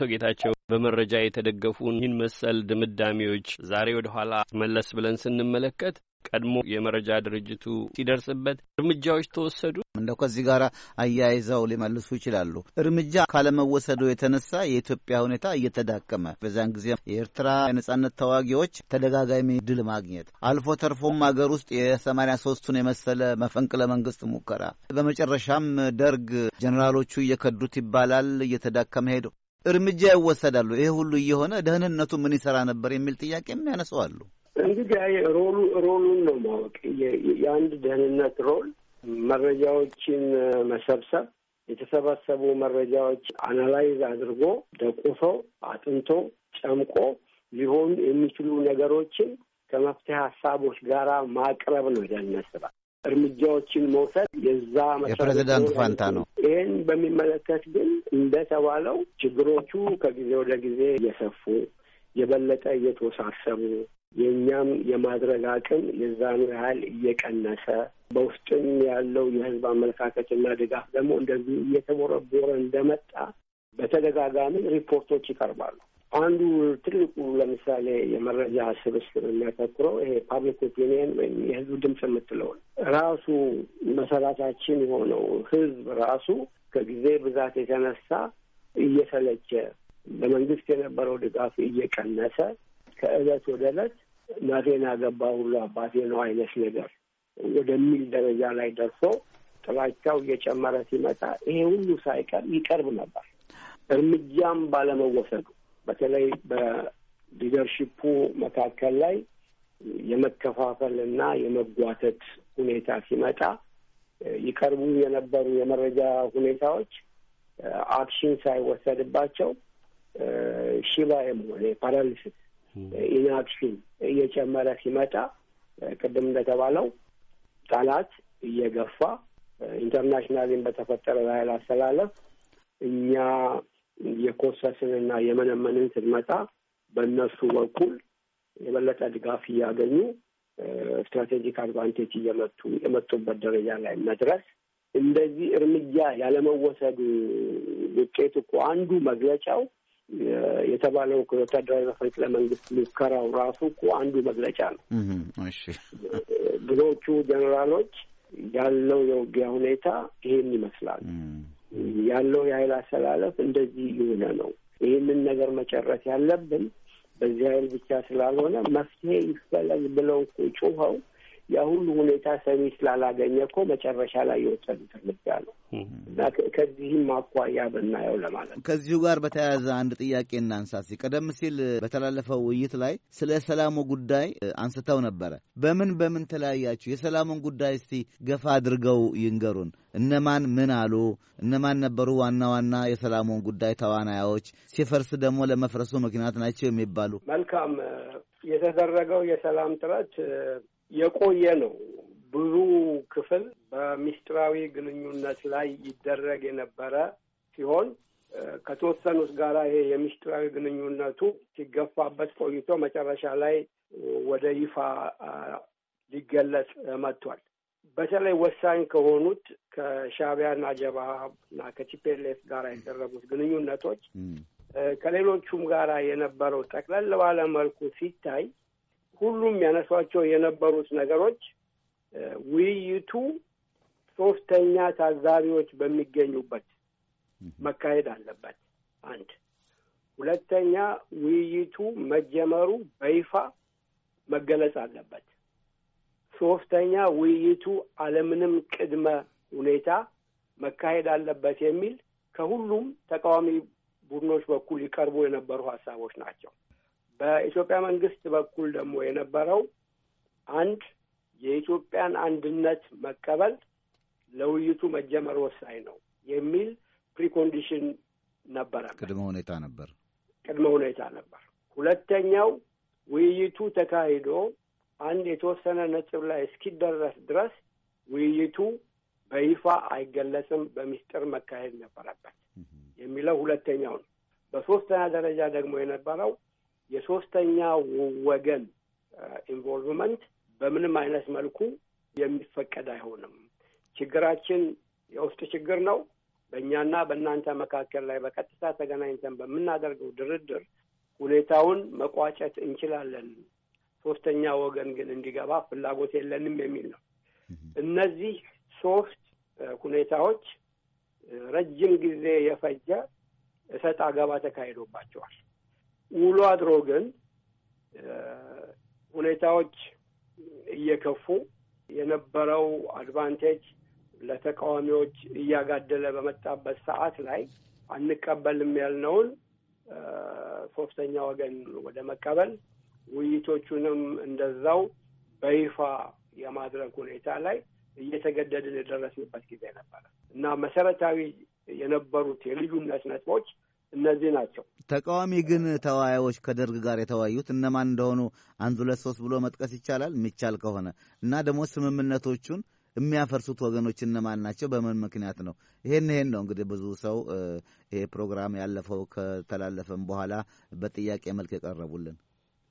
አቶ ጌታቸው በመረጃ የተደገፉ ይህን መሰል ድምዳሜዎች ዛሬ ወደ ኋላ መለስ ብለን ስንመለከት ቀድሞ የመረጃ ድርጅቱ ሲደርስበት እርምጃዎች ተወሰዱ እንደ ከዚህ ጋር አያይዘው ሊመልሱ ይችላሉ። እርምጃ ካለመወሰዱ የተነሳ የኢትዮጵያ ሁኔታ እየተዳከመ በዚያን ጊዜ የኤርትራ የነጻነት ተዋጊዎች ተደጋጋሚ ድል ማግኘት አልፎ ተርፎም አገር ውስጥ የሰማንያ ሶስቱን የመሰለ መፈንቅለ መንግስት ሙከራ በመጨረሻም ደርግ ጀኔራሎቹ እየከዱት ይባላል እየተዳከመ ሄደው እርምጃ ይወሰዳሉ። ይሄ ሁሉ እየሆነ ደህንነቱ ምን ይሰራ ነበር የሚል ጥያቄ የሚያነሰው አሉ። እንግዲህ ሮሉ ሮሉን ነው ማወቅ። የአንድ ደህንነት ሮል መረጃዎችን መሰብሰብ፣ የተሰበሰቡ መረጃዎች አናላይዝ አድርጎ ደቁሶ አጥንቶ ጨምቆ ሊሆኑ የሚችሉ ነገሮችን ከመፍትሄ ሀሳቦች ጋር ማቅረብ ነው ደህንነት ስራ። እርምጃዎችን መውሰድ የዛ የፕሬዚዳንቱ ፋንታ ነው። ይህን በሚመለከት ግን እንደተባለው ችግሮቹ ከጊዜ ወደ ጊዜ እየሰፉ የበለጠ እየተወሳሰቡ የእኛም የማድረግ አቅም የዛኑ ያህል እየቀነሰ በውስጥም ያለው የህዝብ አመለካከትና ድጋፍ ደግሞ እንደዚሁ እየተቦረቦረ እንደመጣ በተደጋጋሚ ሪፖርቶች ይቀርባሉ። አንዱ ትልቁ ለምሳሌ የመረጃ ስብስብ የሚያተኩረው ይሄ ፓብሊክ ኦፒኒየን ወይም የህዝብ ድምፅ የምትለውን ራሱ መሰረታችን የሆነው ህዝብ ራሱ ከጊዜ ብዛት የተነሳ እየሰለቸ በመንግስት የነበረው ድጋፍ እየቀነሰ ከእለት ወደ እለት እናቴን ያገባ ሁሉ አባቴ ነው አይነት ነገር ወደሚል ደረጃ ላይ ደርሶ ጥላቻው እየጨመረ ሲመጣ ይሄ ሁሉ ሳይቀር ይቀርብ ነበር እርምጃም ባለመወሰዱ በተለይ በሊደርሽፑ መካከል ላይ የመከፋፈል እና የመጓተት ሁኔታ ሲመጣ ይቀርቡ የነበሩ የመረጃ ሁኔታዎች አክሽን ሳይወሰድባቸው ሽባም ሆነ ፓራሊሲስ ኢንአክሽን እየጨመረ ሲመጣ ቅድም እንደተባለው ጠላት እየገፋ ኢንተርናሽናልን በተፈጠረ የኃይል አስተላለፍ እኛ የኮሰስንና የመነመንን ስንመጣ በእነሱ በኩል የበለጠ ድጋፍ እያገኙ ስትራቴጂክ አድቫንቴጅ እየመጡ የመጡበት ደረጃ ላይ መድረስ እንደዚህ እርምጃ ያለመወሰድ ውጤት እኮ አንዱ መግለጫው የተባለው ወታደራዊ መፈንቅለ መንግስት ሙከራው ራሱ እኮ አንዱ መግለጫ ነው። ብዙዎቹ ጀኔራሎች ያለው የውጊያ ሁኔታ ይሄን ይመስላል። ያለው የኃይል አሰላለፍ እንደዚህ የሆነ ነው። ይህንን ነገር መጨረስ ያለብን በዚህ ኃይል ብቻ ስላልሆነ መፍትሄ ይፈለግ ብለው ጮኸው የአሁኑ ሁኔታ ሰሚ ስላላገኘ እኮ መጨረሻ ላይ የወሰዱት እርምጃ ነው እና ከዚህም አኳያ ብናየው ለማለት ነው። ከዚሁ ጋር በተያያዘ አንድ ጥያቄ እናንሳ። ቀደም ሲል በተላለፈው ውይይት ላይ ስለ ሰላሙ ጉዳይ አንስተው ነበረ። በምን በምን ተለያያችሁ? የሰላሙን ጉዳይ እስቲ ገፋ አድርገው ይንገሩን። እነማን ምን አሉ? እነማን ነበሩ ዋና ዋና የሰላሙን ጉዳይ ተዋናዮች? ሲፈርስ ደግሞ ለመፍረሱ ምክንያት ናቸው የሚባሉ መልካም የተደረገው የሰላም ጥረት የቆየ ነው። ብዙ ክፍል በሚስጥራዊ ግንኙነት ላይ ይደረግ የነበረ ሲሆን ከተወሰኑት ጋራ ይሄ የሚስጥራዊ ግንኙነቱ ሲገፋበት ቆይቶ መጨረሻ ላይ ወደ ይፋ ሊገለጽ መጥቷል። በተለይ ወሳኝ ከሆኑት ከሻቢያና ጀብሃ እና ከቲፒኤልኤፍ ጋር የደረጉት ግንኙነቶች ከሌሎቹም ጋር የነበረው ጠቅለል ባለ መልኩ ሲታይ ሁሉም ያነሷቸው የነበሩት ነገሮች ውይይቱ ሶስተኛ ታዛቢዎች በሚገኙበት መካሄድ አለበት። አንድ ሁለተኛ ውይይቱ መጀመሩ በይፋ መገለጽ አለበት። ሶስተኛ ውይይቱ አለምንም ቅድመ ሁኔታ መካሄድ አለበት የሚል ከሁሉም ተቃዋሚ ቡድኖች በኩል ይቀርቡ የነበሩ ሀሳቦች ናቸው። በኢትዮጵያ መንግስት በኩል ደግሞ የነበረው አንድ የኢትዮጵያን አንድነት መቀበል ለውይይቱ መጀመር ወሳኝ ነው የሚል ፕሪኮንዲሽን ነበረ። ቅድመ ሁኔታ ነበር። ቅድመ ሁኔታ ነበር። ሁለተኛው ውይይቱ ተካሂዶ አንድ የተወሰነ ነጥብ ላይ እስኪደረስ ድረስ ውይይቱ በይፋ አይገለጽም፣ በሚስጥር መካሄድ ነበረበት የሚለው ሁለተኛው ነው። በሶስተኛ ደረጃ ደግሞ የነበረው የሶስተኛ ወገን ኢንቮልቭመንት በምንም አይነት መልኩ የሚፈቀድ አይሆንም። ችግራችን የውስጥ ችግር ነው። በእኛና በእናንተ መካከል ላይ በቀጥታ ተገናኝተን በምናደርገው ድርድር ሁኔታውን መቋጨት እንችላለን። ሶስተኛ ወገን ግን እንዲገባ ፍላጎት የለንም የሚል ነው። እነዚህ ሶስት ሁኔታዎች ረጅም ጊዜ የፈጀ እሰጥ አገባ ተካሂዶባቸዋል። ውሎ አድሮ ግን ሁኔታዎች እየከፉ የነበረው አድቫንቴጅ ለተቃዋሚዎች እያጋደለ በመጣበት ሰዓት ላይ አንቀበልም ያልነውን ሶስተኛ ወገን ወደ መቀበል ውይይቶቹንም እንደዛው በይፋ የማድረግ ሁኔታ ላይ እየተገደድን የደረስንበት ጊዜ ነበረ እና መሰረታዊ የነበሩት የልዩነት ነጥቦች እነዚህ ናቸው። ተቃዋሚ ግን ተወያዮች ከደርግ ጋር የተወያዩት እነማን እንደሆኑ አንድ ሁለት ሶስት ብሎ መጥቀስ ይቻላል የሚቻል ከሆነ እና ደግሞ ስምምነቶቹን የሚያፈርሱት ወገኖች እነማን ናቸው? በምን ምክንያት ነው? ይሄን ይሄን ነው እንግዲህ ብዙ ሰው ይሄ ፕሮግራም ያለፈው ከተላለፈም በኋላ በጥያቄ መልክ የቀረቡልን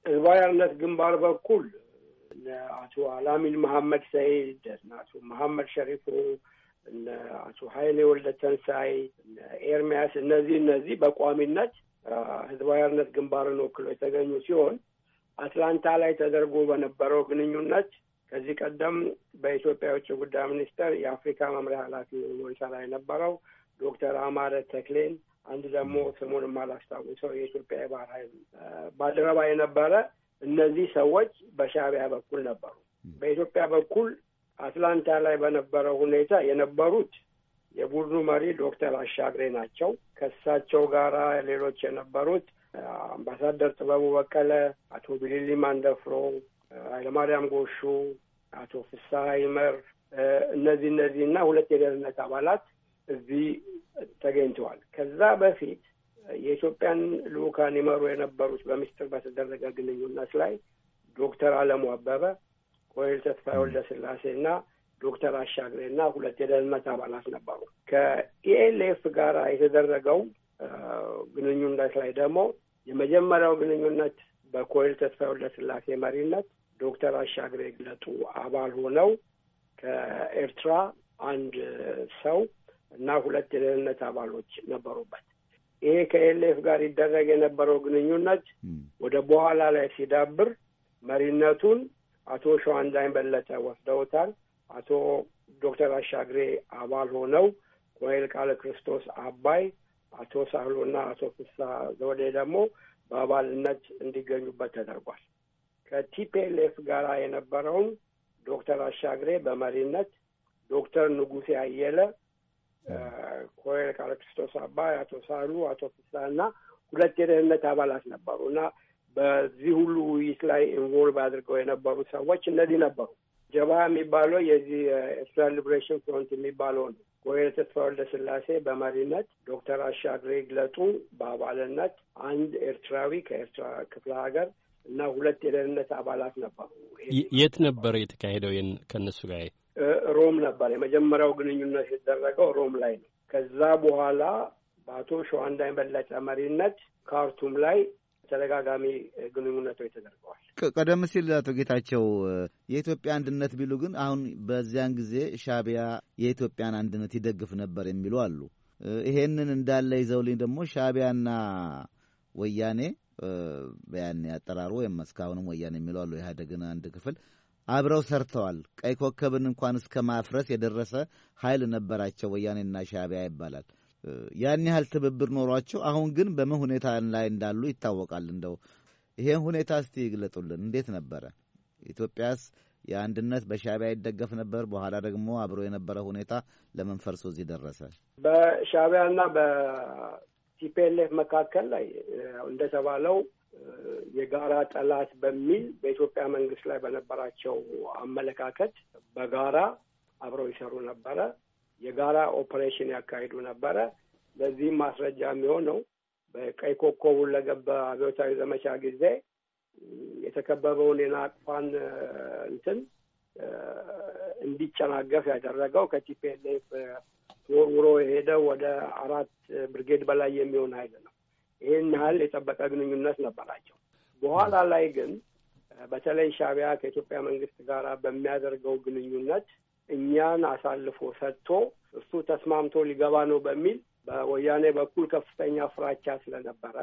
ህዝባዊ አርነት ግንባር በኩል አቶ አላሚን መሐመድ ሰይድ፣ አቶ መሐመድ ሸሪፎ እነ አቶ ተንሳይ፣ እነ ኤርሚያስ እነዚህ እነዚህ በቋሚነት ህዝባዊ አርነት ግንባርን ወክሎ የተገኙ ሲሆን አትላንታ ላይ ተደርጎ በነበረው ግንኙነት ከዚህ ቀደም በኢትዮጵያ የውጭ ጉዳይ ሚኒስቴር የአፍሪካ መምሪያ ኃላፊ ሆኖ ይሰራ የነበረው ዶክተር አማረ ተክሌን አንድ ደግሞ ስሙን የማላስታውሰው የኢትዮጵያ የባህር ኃይል ባልደረባ የነበረ እነዚህ ሰዎች በሻቢያ በኩል ነበሩ። በኢትዮጵያ በኩል አትላንታ ላይ በነበረው ሁኔታ የነበሩት የቡድኑ መሪ ዶክተር አሻግሬ ናቸው። ከእሳቸው ጋር ሌሎች የነበሩት አምባሳደር ጥበቡ በቀለ፣ አቶ ቢሊሊ ማንደፍሮ፣ ኃይለማርያም ጎሹ፣ አቶ ፍስሐ ይመር እነዚህ እነዚህ እና ሁለት የደህንነት አባላት እዚህ ተገኝተዋል። ከዛ በፊት የኢትዮጵያን ልኡካን ይመሩ የነበሩት በሚስጥር በተደረገ ግንኙነት ላይ ዶክተር አለሙ አበበ ወይል ተስፋ ወልደ ስላሴና ዶክተር አሻግሬ እና ሁለት የደህንነት አባላት ነበሩ። ከኢኤልኤፍ ጋር የተደረገው ግንኙነት ላይ ደግሞ የመጀመሪያው ግንኙነት በኮይል ተስፋ ወልደ ስላሴ መሪነት ዶክተር አሻግሬ ግለጡ አባል ሆነው ከኤርትራ አንድ ሰው እና ሁለት የደህንነት አባሎች ነበሩበት። ይሄ ከኤልኤፍ ጋር ይደረግ የነበረው ግንኙነት ወደ በኋላ ላይ ሲዳብር መሪነቱን አቶ ሸዋንዳይን በለጠ ወስደውታል። አቶ ዶክተር አሻግሬ አባል ሆነው ኮሄል ቃለ ክርስቶስ አባይ፣ አቶ ሳህሎና አቶ ፍሳ ዘውዴ ደግሞ በአባልነት እንዲገኙበት ተደርጓል። ከቲፒኤልኤፍ ጋር የነበረውን ዶክተር አሻግሬ በመሪነት ዶክተር ንጉሴ አየለ፣ ኮሄል ቃለ ክርስቶስ አባይ፣ አቶ ሳህሉ፣ አቶ ፍሳ እና ሁለት የደህንነት አባላት ነበሩ እና በዚህ ሁሉ ውይይት ላይ ኢንቮልቭ አድርገው የነበሩ ሰዎች እነዚህ ነበሩ። ጀባ የሚባለው የዚህ የኤርትራ ሊብሬሽን ፍሮንት የሚባለው ነው። ወይረ ተስፋ ወልደ ስላሴ በመሪነት ዶክተር አሻግሬ ግለጡ በአባልነት አንድ ኤርትራዊ ከኤርትራ ክፍለ ሀገር እና ሁለት የደህንነት አባላት ነበሩ። የት ነበር የተካሄደው? ከእነሱ ጋር ሮም ነበር የመጀመሪያው ግንኙነት የተደረገው ሮም ላይ ነው። ከዛ በኋላ በአቶ ሸዋንዳኝ በለጠ መሪነት ካርቱም ላይ ተደጋጋሚ ግንኙነቶች ተደርገዋል። ቀደም ሲል አቶ ጌታቸው የኢትዮጵያ አንድነት ቢሉ ግን አሁን በዚያን ጊዜ ሻቢያ የኢትዮጵያን አንድነት ይደግፍ ነበር የሚሉ አሉ። ይሄንን እንዳለ ይዘውልኝ ደግሞ ሻቢያና ወያኔ በያኔ አጠራሩ ወይም እስካሁንም ወያኔ የሚሉ አሉ ኢህአዴግን አንድ ክፍል አብረው ሰርተዋል። ቀይ ኮከብን እንኳን እስከ ማፍረስ የደረሰ ኃይል ነበራቸው ወያኔና ሻቢያ ይባላል። ያን ያህል ትብብር ኖሯቸው አሁን ግን በምን ሁኔታ ላይ እንዳሉ ይታወቃል። እንደው ይሄን ሁኔታ እስቲ ይግለጡልን። እንዴት ነበረ? ኢትዮጵያስ የአንድነት በሻቢያ ይደገፍ ነበር። በኋላ ደግሞ አብሮ የነበረ ሁኔታ ለምን ፈርሶ እዚህ ደረሰ? በሻዕቢያና በቲፒኤልኤፍ መካከል ላይ እንደተባለው የጋራ ጠላት በሚል በኢትዮጵያ መንግስት ላይ በነበራቸው አመለካከት በጋራ አብረው ይሰሩ ነበረ። የጋራ ኦፕሬሽን ያካሂዱ ነበረ። ለዚህም ማስረጃ የሚሆነው በቀይ ኮከብ ሁለገብ አብዮታዊ ዘመቻ ጊዜ የተከበበውን የናቅፋን እንትን እንዲጨናገፍ ያደረገው ከቲፒኤልኤፍ ወርውሮ የሄደው ወደ አራት ብርጌድ በላይ የሚሆን ኃይል ነው። ይህን ያህል የጠበቀ ግንኙነት ነበራቸው። በኋላ ላይ ግን በተለይ ሻቢያ ከኢትዮጵያ መንግስት ጋር በሚያደርገው ግንኙነት እኛን አሳልፎ ሰጥቶ እሱ ተስማምቶ ሊገባ ነው በሚል በወያኔ በኩል ከፍተኛ ፍራቻ ስለነበረ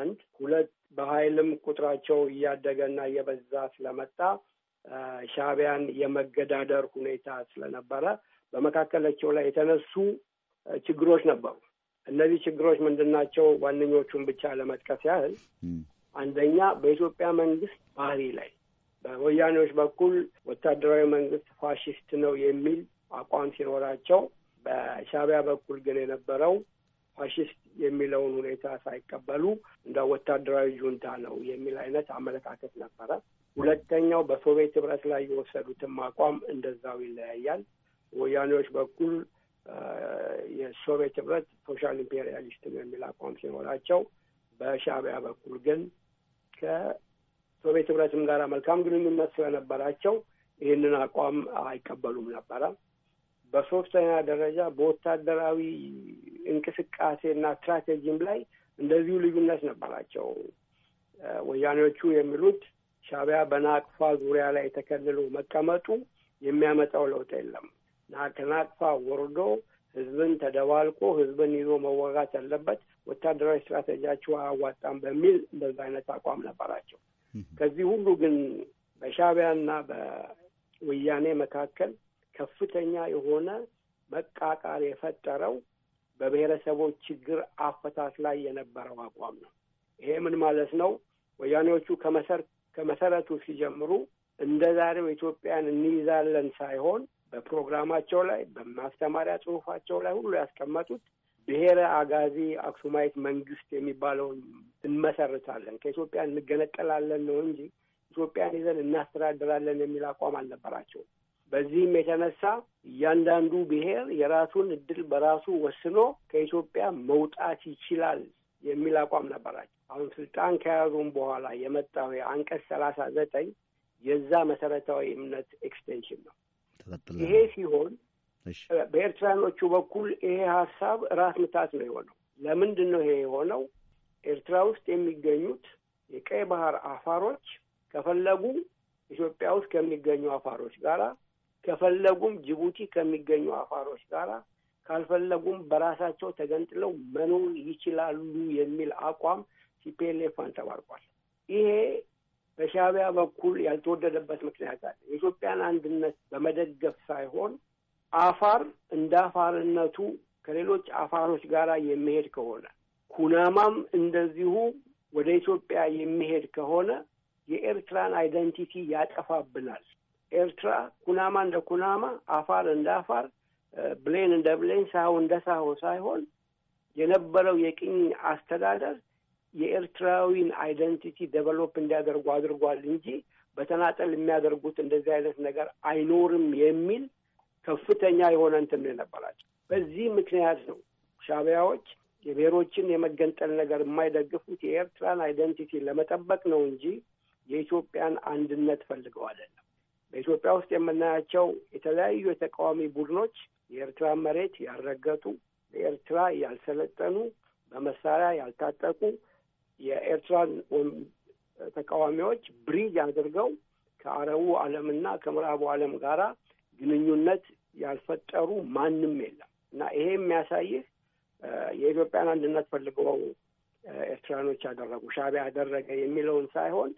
አንድ ሁለት በኃይልም ቁጥራቸው እያደገና እየበዛ ስለመጣ ሻቢያን የመገዳደር ሁኔታ ስለነበረ በመካከላቸው ላይ የተነሱ ችግሮች ነበሩ። እነዚህ ችግሮች ምንድን ናቸው? ዋነኞቹን ብቻ ለመጥቀስ ያህል አንደኛ በኢትዮጵያ መንግስት ባህሪ ላይ በወያኔዎች በኩል ወታደራዊ መንግስት ፋሽስት ነው የሚል አቋም ሲኖራቸው፣ በሻቢያ በኩል ግን የነበረው ፋሽስት የሚለውን ሁኔታ ሳይቀበሉ እንደ ወታደራዊ ጁንታ ነው የሚል አይነት አመለካከት ነበረ። ሁለተኛው በሶቪየት ህብረት ላይ የወሰዱትም አቋም እንደዛው ይለያያል። ወያኔዎች በኩል የሶቪየት ህብረት ሶሻል ኢምፔሪያሊስት ነው የሚል አቋም ሲኖራቸው፣ በሻቢያ በኩል ግን ሶቪየት ህብረትም ጋር መልካም ግንኙነት ስለነበራቸው ይህንን አቋም አይቀበሉም ነበረ። በሶስተኛ ደረጃ በወታደራዊ እንቅስቃሴና ስትራቴጂም ላይ እንደዚሁ ልዩነት ነበራቸው። ወያኔዎቹ የሚሉት ሻቢያ በናቅፋ ዙሪያ ላይ ተከልሎ መቀመጡ የሚያመጣው ለውጥ የለም፣ ከናቅፋ ወርዶ ህዝብን ተደባልቆ ህዝብን ይዞ መዋጋት ያለበት ወታደራዊ ስትራቴጂያቸው አያዋጣም በሚል እንደዛ አይነት አቋም ነበራቸው። ከዚህ ሁሉ ግን ና በወያኔ መካከል ከፍተኛ የሆነ መቃቃር የፈጠረው በብሔረሰቦች ችግር አፈታት ላይ የነበረው አቋም ነው። ይሄ ምን ማለት ነው? ወያኔዎቹ ከመሰረቱ ሲጀምሩ እንደ ዛሬው ኢትዮጵያን እንይዛለን ሳይሆን በፕሮግራማቸው ላይ፣ በማስተማሪያ ጽሁፋቸው ላይ ሁሉ ያስቀመጡት ብሔረ አጋዚ አክሱማይት መንግስት የሚባለውን እንመሰርታለን፣ ከኢትዮጵያ እንገነጠላለን ነው እንጂ ኢትዮጵያን ይዘን እናስተዳድራለን የሚል አቋም አልነበራቸውም። በዚህም የተነሳ እያንዳንዱ ብሔር የራሱን እድል በራሱ ወስኖ ከኢትዮጵያ መውጣት ይችላል የሚል አቋም ነበራቸው። አሁን ስልጣን ከያዙም በኋላ የመጣው የአንቀስ ሰላሳ ዘጠኝ የዛ መሰረታዊ እምነት ኤክስቴንሽን ነው። ይሄ ሲሆን በኤርትራኖቹ በኩል ይሄ ሀሳብ ራስ ምታት ነው የሆነው። ለምንድን ነው ይሄ የሆነው? ኤርትራ ውስጥ የሚገኙት የቀይ ባህር አፋሮች ከፈለጉ ኢትዮጵያ ውስጥ ከሚገኙ አፋሮች ጋራ ከፈለጉም ጅቡቲ ከሚገኙ አፋሮች ጋራ ካልፈለጉም በራሳቸው ተገንጥለው መኖር ይችላሉ የሚል አቋም ሲፒኤልኤፍ አንጸባርቋል። ይሄ በሻቢያ በኩል ያልተወደደበት ምክንያት አለ። የኢትዮጵያን አንድነት በመደገፍ ሳይሆን አፋር እንደ አፋርነቱ ከሌሎች አፋሮች ጋር የሚሄድ ከሆነ ኩናማም እንደዚሁ ወደ ኢትዮጵያ የሚሄድ ከሆነ የኤርትራን አይደንቲቲ ያጠፋብናል። ኤርትራ ኩናማ እንደ ኩናማ፣ አፋር እንደ አፋር፣ ብሌን እንደ ብሌን፣ ሳሆ እንደ ሳሆ ሳይሆን የነበረው የቅኝ አስተዳደር የኤርትራዊን አይደንቲቲ ዴቨሎፕ እንዲያደርጉ አድርጓል እንጂ በተናጠል የሚያደርጉት እንደዚህ አይነት ነገር አይኖርም የሚል ከፍተኛ የሆነ እንትን ነው የነበራቸው። በዚህ ምክንያት ነው ሻቢያዎች የብሔሮችን የመገንጠል ነገር የማይደግፉት የኤርትራን አይደንቲቲ ለመጠበቅ ነው እንጂ የኢትዮጵያን አንድነት ፈልገው አይደለም። በኢትዮጵያ ውስጥ የምናያቸው የተለያዩ የተቃዋሚ ቡድኖች የኤርትራ መሬት ያልረገጡ፣ በኤርትራ ያልሰለጠኑ፣ በመሳሪያ ያልታጠቁ የኤርትራን ተቃዋሚዎች ብሪጅ አድርገው ከአረቡ ዓለምና ከምዕራቡ ዓለም ጋራ ግንኙነት ያልፈጠሩ ማንም የለም እና ይሄ የሚያሳይህ የኢትዮጵያን አንድነት ፈልገው ኤርትራኖች ያደረጉ ሻቢያ ያደረገ የሚለውን ሳይሆን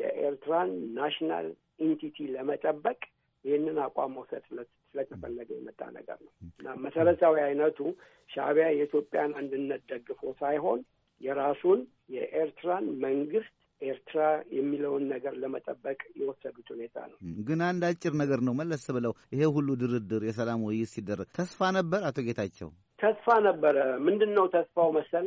የኤርትራን ናሽናል ኢንቲቲ ለመጠበቅ ይህንን አቋም መውሰድ ስለተፈለገ የመጣ ነገር ነው እና መሰረታዊ አይነቱ ሻቢያ የኢትዮጵያን አንድነት ደግፎ ሳይሆን የራሱን የኤርትራን መንግስት ኤርትራ የሚለውን ነገር ለመጠበቅ የወሰዱት ሁኔታ ነው። ግን አንድ አጭር ነገር ነው መለስ ብለው ይሄ ሁሉ ድርድር የሰላም ውይይት ሲደረግ ተስፋ ነበር። አቶ ጌታቸው ተስፋ ነበረ። ምንድን ነው ተስፋው መሰለ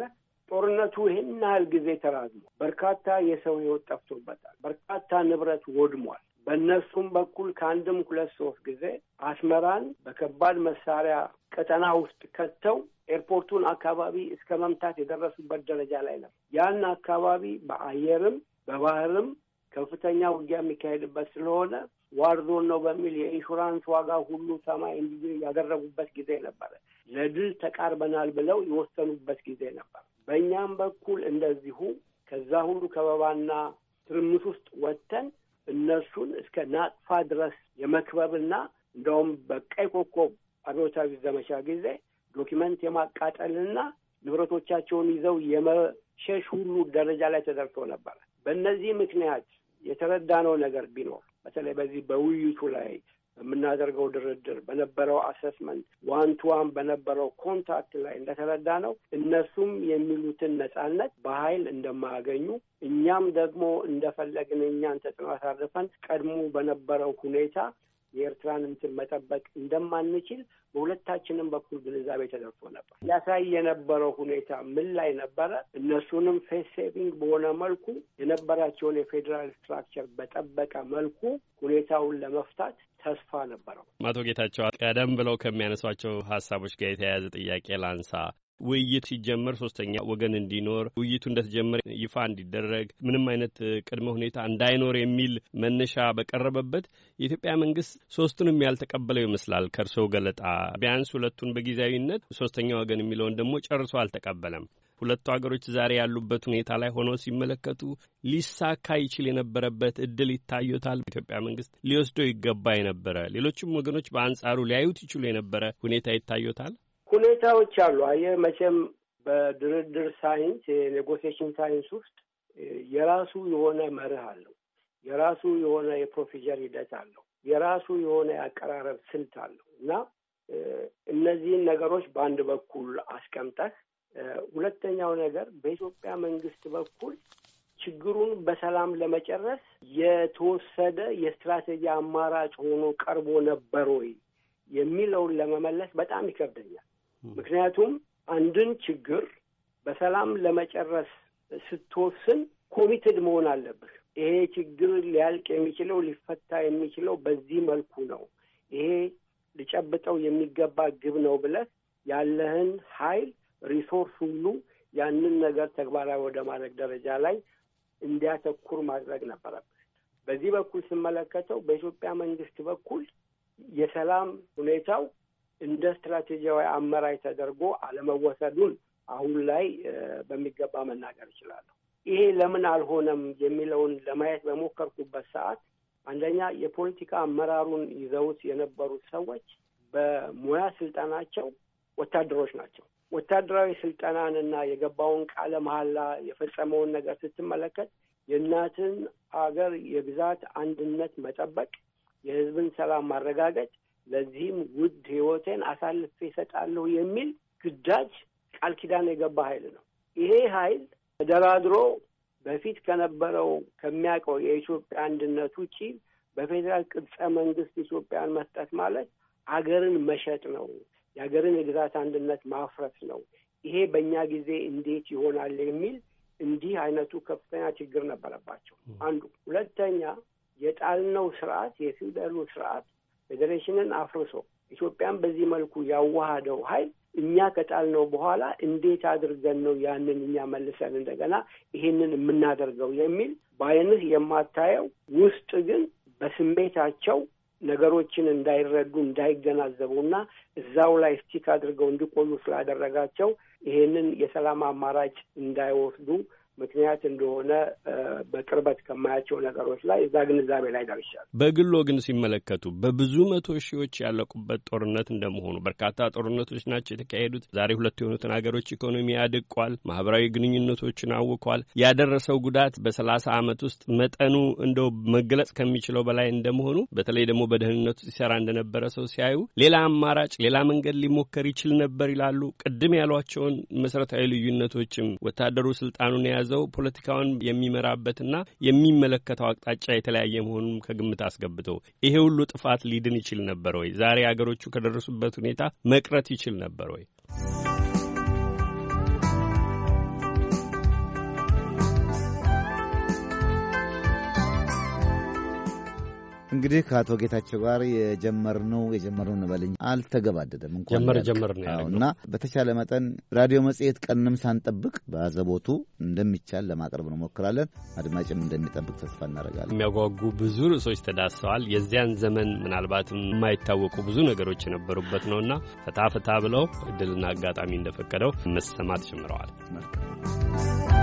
ጦርነቱ ይህን ያህል ጊዜ ተራዝሞ በርካታ የሰው ህይወት ጠፍቶበታል። በርካታ ንብረት ወድሟል። በእነሱም በኩል ከአንድም ሁለት ሶስት ጊዜ አስመራን በከባድ መሳሪያ ቀጠና ውስጥ ከተው ኤርፖርቱን አካባቢ እስከ መምታት የደረሱበት ደረጃ ላይ ነው። ያን አካባቢ በአየርም በባህርም ከፍተኛ ውጊያ የሚካሄድበት ስለሆነ ዋርዞን ነው በሚል የኢንሹራንስ ዋጋ ሁሉ ሰማይ እንዲ ያደረጉበት ጊዜ ነበረ። ለድል ተቃርበናል ብለው የወሰኑበት ጊዜ ነበር። በእኛም በኩል እንደዚሁ ከዛ ሁሉ ከበባና ትርምስ ውስጥ ወጥተን እነሱን እስከ ናጥፋ ድረስ የመክበብና እንደውም በቀይ ኮከብ አብዮታዊ ዘመቻ ጊዜ ዶኪመንት የማቃጠልና ንብረቶቻቸውን ይዘው የመሸሽ ሁሉ ደረጃ ላይ ተደርሶ ነበረ። በእነዚህ ምክንያት የተረዳነው ነገር ቢኖር በተለይ በዚህ በውይይቱ ላይ የምናደርገው ድርድር በነበረው አሰስመንት ዋን ቱ ዋን በነበረው ኮንታክት ላይ እንደተረዳ ነው እነሱም የሚሉትን ነጻነት በኃይል እንደማያገኙ እኛም ደግሞ እንደፈለግን እኛን ተጽዕኖ አሳርፈን ቀድሞ በነበረው ሁኔታ የኤርትራን እንትን መጠበቅ እንደማንችል በሁለታችንም በኩል ግንዛቤ ተደርሶ ነበር። ያሳይ የነበረው ሁኔታ ምን ላይ ነበረ? እነሱንም ፌስ ሴቪንግ በሆነ መልኩ የነበራቸውን የፌዴራል ስትራክቸር በጠበቀ መልኩ ሁኔታውን ለመፍታት ተስፋ ነበረው። አቶ ጌታቸው ቀደም ብለው ከሚያነሷቸው ሀሳቦች ጋር የተያያዘ ጥያቄ ላንሳ። ውይይት ሲጀመር ሶስተኛ ወገን እንዲኖር ውይይቱ እንደተጀመረ ይፋ እንዲደረግ ምንም አይነት ቅድመ ሁኔታ እንዳይኖር የሚል መነሻ በቀረበበት የኢትዮጵያ መንግስት ሶስቱንም ያልተቀበለው ይመስላል። ከእርስዎ ገለጣ ቢያንስ ሁለቱን በጊዜያዊነት ሶስተኛ ወገን የሚለውን ደግሞ ጨርሶ አልተቀበለም። ሁለቱ ሀገሮች ዛሬ ያሉበት ሁኔታ ላይ ሆነው ሲመለከቱ ሊሳካ ይችል የነበረበት እድል ይታዩታል። ኢትዮጵያ መንግስት ሊወስደው ይገባ የነበረ ሌሎችም ወገኖች በአንጻሩ ሊያዩት ይችሉ የነበረ ሁኔታ ይታዩታል። ሁኔታዎች አሉ። አየህ መቼም በድርድር ሳይንስ የኔጎሲዬሽን ሳይንስ ውስጥ የራሱ የሆነ መርህ አለው። የራሱ የሆነ የፕሮሲጀር ሂደት አለው። የራሱ የሆነ የአቀራረብ ስልት አለው እና እነዚህን ነገሮች በአንድ በኩል አስቀምጠህ፣ ሁለተኛው ነገር በኢትዮጵያ መንግስት በኩል ችግሩን በሰላም ለመጨረስ የተወሰደ የስትራቴጂ አማራጭ ሆኖ ቀርቦ ነበር ወይ የሚለውን ለመመለስ በጣም ይከብደኛል። ምክንያቱም አንድን ችግር በሰላም ለመጨረስ ስትወስን ኮሚትድ መሆን አለብህ። ይሄ ችግር ሊያልቅ የሚችለው ሊፈታ የሚችለው በዚህ መልኩ ነው፣ ይሄ ሊጨብጠው የሚገባ ግብ ነው ብለህ ያለህን ኃይል ሪሶርስ ሁሉ ያንን ነገር ተግባራዊ ወደ ማድረግ ደረጃ ላይ እንዲያተኩር ማድረግ ነበረብህ። በዚህ በኩል ስመለከተው በኢትዮጵያ መንግስት በኩል የሰላም ሁኔታው እንደ ስትራቴጂያዊ አመራይ ተደርጎ አለመወሰዱን አሁን ላይ በሚገባ መናገር እችላለሁ። ይሄ ለምን አልሆነም የሚለውን ለማየት በሞከርኩበት ሰዓት አንደኛ የፖለቲካ አመራሩን ይዘውት የነበሩት ሰዎች በሙያ ስልጠናቸው ወታደሮች ናቸው። ወታደራዊ ስልጠናንና የገባውን ቃለ መሐላ የፈጸመውን ነገር ስትመለከት የእናትን አገር የግዛት አንድነት መጠበቅ፣ የህዝብን ሰላም ማረጋገጥ ለዚህም ውድ ህይወቴን አሳልፌ ይሰጣለሁ የሚል ግዳጅ ቃል ኪዳን የገባ ኃይል ነው። ይሄ ኃይል ተደራድሮ በፊት ከነበረው ከሚያውቀው የኢትዮጵያ አንድነት ውጪ በፌዴራል ቅጸ መንግስት ኢትዮጵያን መስጠት ማለት አገርን መሸጥ ነው። የሀገርን የግዛት አንድነት ማፍረስ ነው። ይሄ በእኛ ጊዜ እንዴት ይሆናል የሚል እንዲህ አይነቱ ከፍተኛ ችግር ነበረባቸው። አንዱ ሁለተኛ የጣልነው ስርዓት የፊውደሉ ስርዓት ፌዴሬሽንን አፍርሶ ኢትዮጵያን በዚህ መልኩ ያዋሃደው ኃይል እኛ ከጣልነው በኋላ እንዴት አድርገን ነው ያንን እኛ መልሰን እንደገና ይሄንን የምናደርገው የሚል በአይንህ የማታየው ውስጥ ግን በስሜታቸው ነገሮችን እንዳይረዱ እንዳይገናዘቡና እዛው ላይ ስቲክ አድርገው እንዲቆዩ ስላደረጋቸው ይሄንን የሰላም አማራጭ እንዳይወስዱ ምክንያት እንደሆነ በቅርበት ከማያቸው ነገሮች ላይ እዛ ግንዛቤ ላይ ደርሻል። በግሎ ግን ሲመለከቱ በብዙ መቶ ሺዎች ያለቁበት ጦርነት እንደመሆኑ በርካታ ጦርነቶች ናቸው የተካሄዱት። ዛሬ ሁለት የሆኑትን ሀገሮች ኢኮኖሚ አድቋል፣ ማህበራዊ ግንኙነቶችን አውኳል። ያደረሰው ጉዳት በሰላሳ ዓመት ውስጥ መጠኑ እንደው መገለጽ ከሚችለው በላይ እንደመሆኑ በተለይ ደግሞ በደህንነቱ ሲሰራ እንደነበረ ሰው ሲያዩ ሌላ አማራጭ ሌላ መንገድ ሊሞከር ይችል ነበር ይላሉ። ቅድም ያሏቸውን መሰረታዊ ልዩነቶችም ወታደሩ ስልጣኑን የያዘ የያዘው ፖለቲካውን የሚመራበትና የሚመለከተው አቅጣጫ የተለያየ መሆኑን ከግምት አስገብቶ ይሄ ሁሉ ጥፋት ሊድን ይችል ነበር ወይ? ዛሬ አገሮቹ ከደረሱበት ሁኔታ መቅረት ይችል ነበር ወይ? እንግዲህ ከአቶ ጌታቸው ጋር የጀመርነው የጀመርነው እንበልኝ አልተገባደደም እንኳን ጀመር ጀመር ነው እና በተቻለ መጠን ራዲዮ መጽሔት ቀንም ሳንጠብቅ በአዘቦቱ እንደሚቻል ለማቅረብ እንሞክራለን። አድማጭም እንደሚጠብቅ ተስፋ እናደርጋለን። የሚያጓጉ ብዙ ርዕሶች ተዳሰዋል። የዚያን ዘመን ምናልባትም የማይታወቁ ብዙ ነገሮች የነበሩበት ነውና ፈታ ፈታ ብለው እድልና አጋጣሚ እንደፈቀደው መሰማት ጀምረዋል።